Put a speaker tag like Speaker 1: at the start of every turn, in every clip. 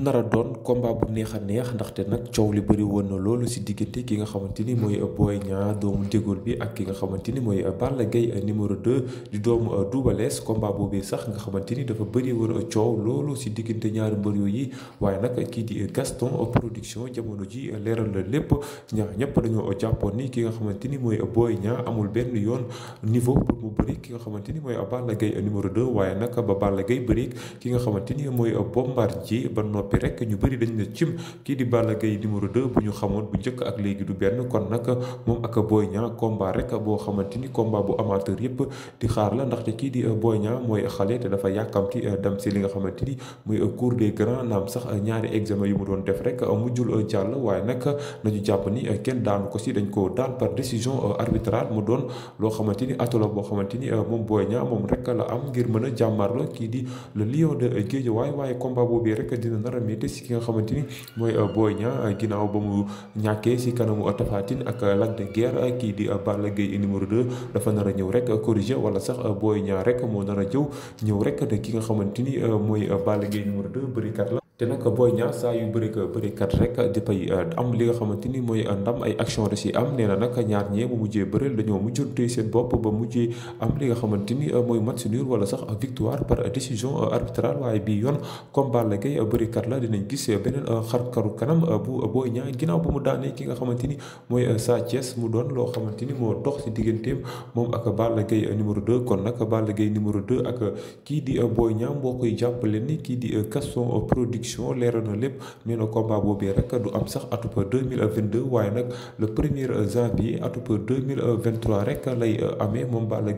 Speaker 1: mu nar a doon combat bu neex a neex ndaxte nag coow li bëri woon na loolu si diggante ki nga xamante ni mooy Boy Niang doomu jégool bi ak ki nga xamante ni mooy Balla Gaye numéro 2 di doomu Double Less combat boobee sax nga xamante ni dafa bëri woon coow loolu si diggante ñaari mbër yooyu waaye nag kii di Gaston production jamono ji leeral lépp ñaar ñëpp dañoo jàppoon ni ki nga xamante ni mooy Boy Niang amul benn yoon niveau pour ki nga xamante ni mooy Balla Gaye numéro waaye nag ba Balla ki nga xamante ni mooy Bombardier noppi rek ñu bëri dañ ne cim kii di Balla Gaye numéro 2 bu ñu xamoon bu njëkk ak léegi du benn kon nag moom ak Boy Niang combat rek boo xamante ni combat bu amateur yëpp di xaar la ndaxte kii di Boy Niang mooy xale te dafa yàkkamti euh, dem si li nga xamante ni muy euh, cours des grands naam sax ñaari examen yu mu doon def rek mujjul euh, jàll waaye nag nañu jàpp ni kenn daanu ko si dañ ko daan par décision arbitrale mu doon loo xamante ni atolo boo xamante ni moom Boy Niang moom rek la am ngir mën a jàmmarloo kii di boobu rek dina nar a métti si ki nga xamante ni mooy euh, Boy Niang euh, ginnaaw ba mu ñàkkee si kanamu euh, Tapha Tine ak lante de Guiers kii di Balla Gaye numéro 2 dafa nar a ñëw rek corriger wala sax Boy Niang rek moo nar a jëw ñëw rek de ki nga xamante ni mooy Balla Gaye numéro 2 bërikat la. te nag Boy Niang saa yu bëri bërikat rek dafay euh, am li nga xamante ni mooy euh, ndam ay action da si am nee na nag ñaar ñee bu mujjee bëri dañoo mujjantee seen bopp ba mujjee am li nga xamante ni euh, mooy match nul wala sax victoire par décision arbitrale waaye bii yoon comme Balla Gaye bërikat la dinañ gis beneen xarkaru kanam bu Boy Niang ginnaaw bu mu daanee ki nga xamante ni mooy Sa mu doon loo xamante ni moo dox si digganteem moom ak bala Gaye numéro 2 kon nag Balla Gaye numéro 2 ak kii di Boy Niang boo koy jàppale ni kii di Gaston Production émission leeral na lépp nee na combat boobee rek du am sax atub 2022 waaye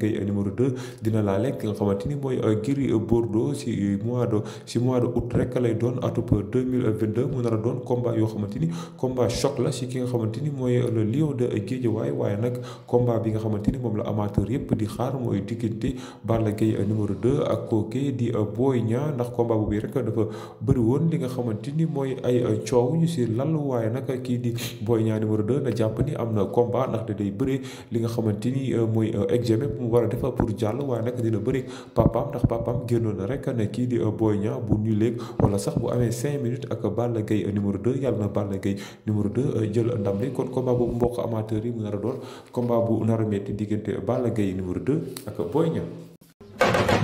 Speaker 1: euh, dina laa lekk nga xamante ni mooy euh, Gris Bordeaux si mois de si mois de août rek lay doon atub 2022 mu nar a doon combat yoo xamante ni combat choc ki nga xamante ni mooy euh, le lion de Guédiawaye waaye nag combat bi nga xamante ni moom la amateur yëpp di xaar mooy diggante Balla Gaye numéro 2 ak kooku di Boy Niang ndax combat boobu rek dafa bëri woon li nga xamante ni mooy ay coow yu si lal waaye naka kii di Boy Niang numéro 2 na jàpp ni am na combat ndaxte day bëre li nga xamante ni euh, mooy euh, examen bu mu war a defa pour jàll waaye nag dina bëre papaam ndax papaam génnoon na rek ne kii di euh, Boy Niang bu ñu léeg wala sax bu amee 5 minutes ak Balla Gaye numéro de yàlla na Balla Gaye numéro 2 jël ndam li kon combat boobu mboq amateur yi mu nar a doon combat bu nar a metti diggante bala Gaye numéro de a Boy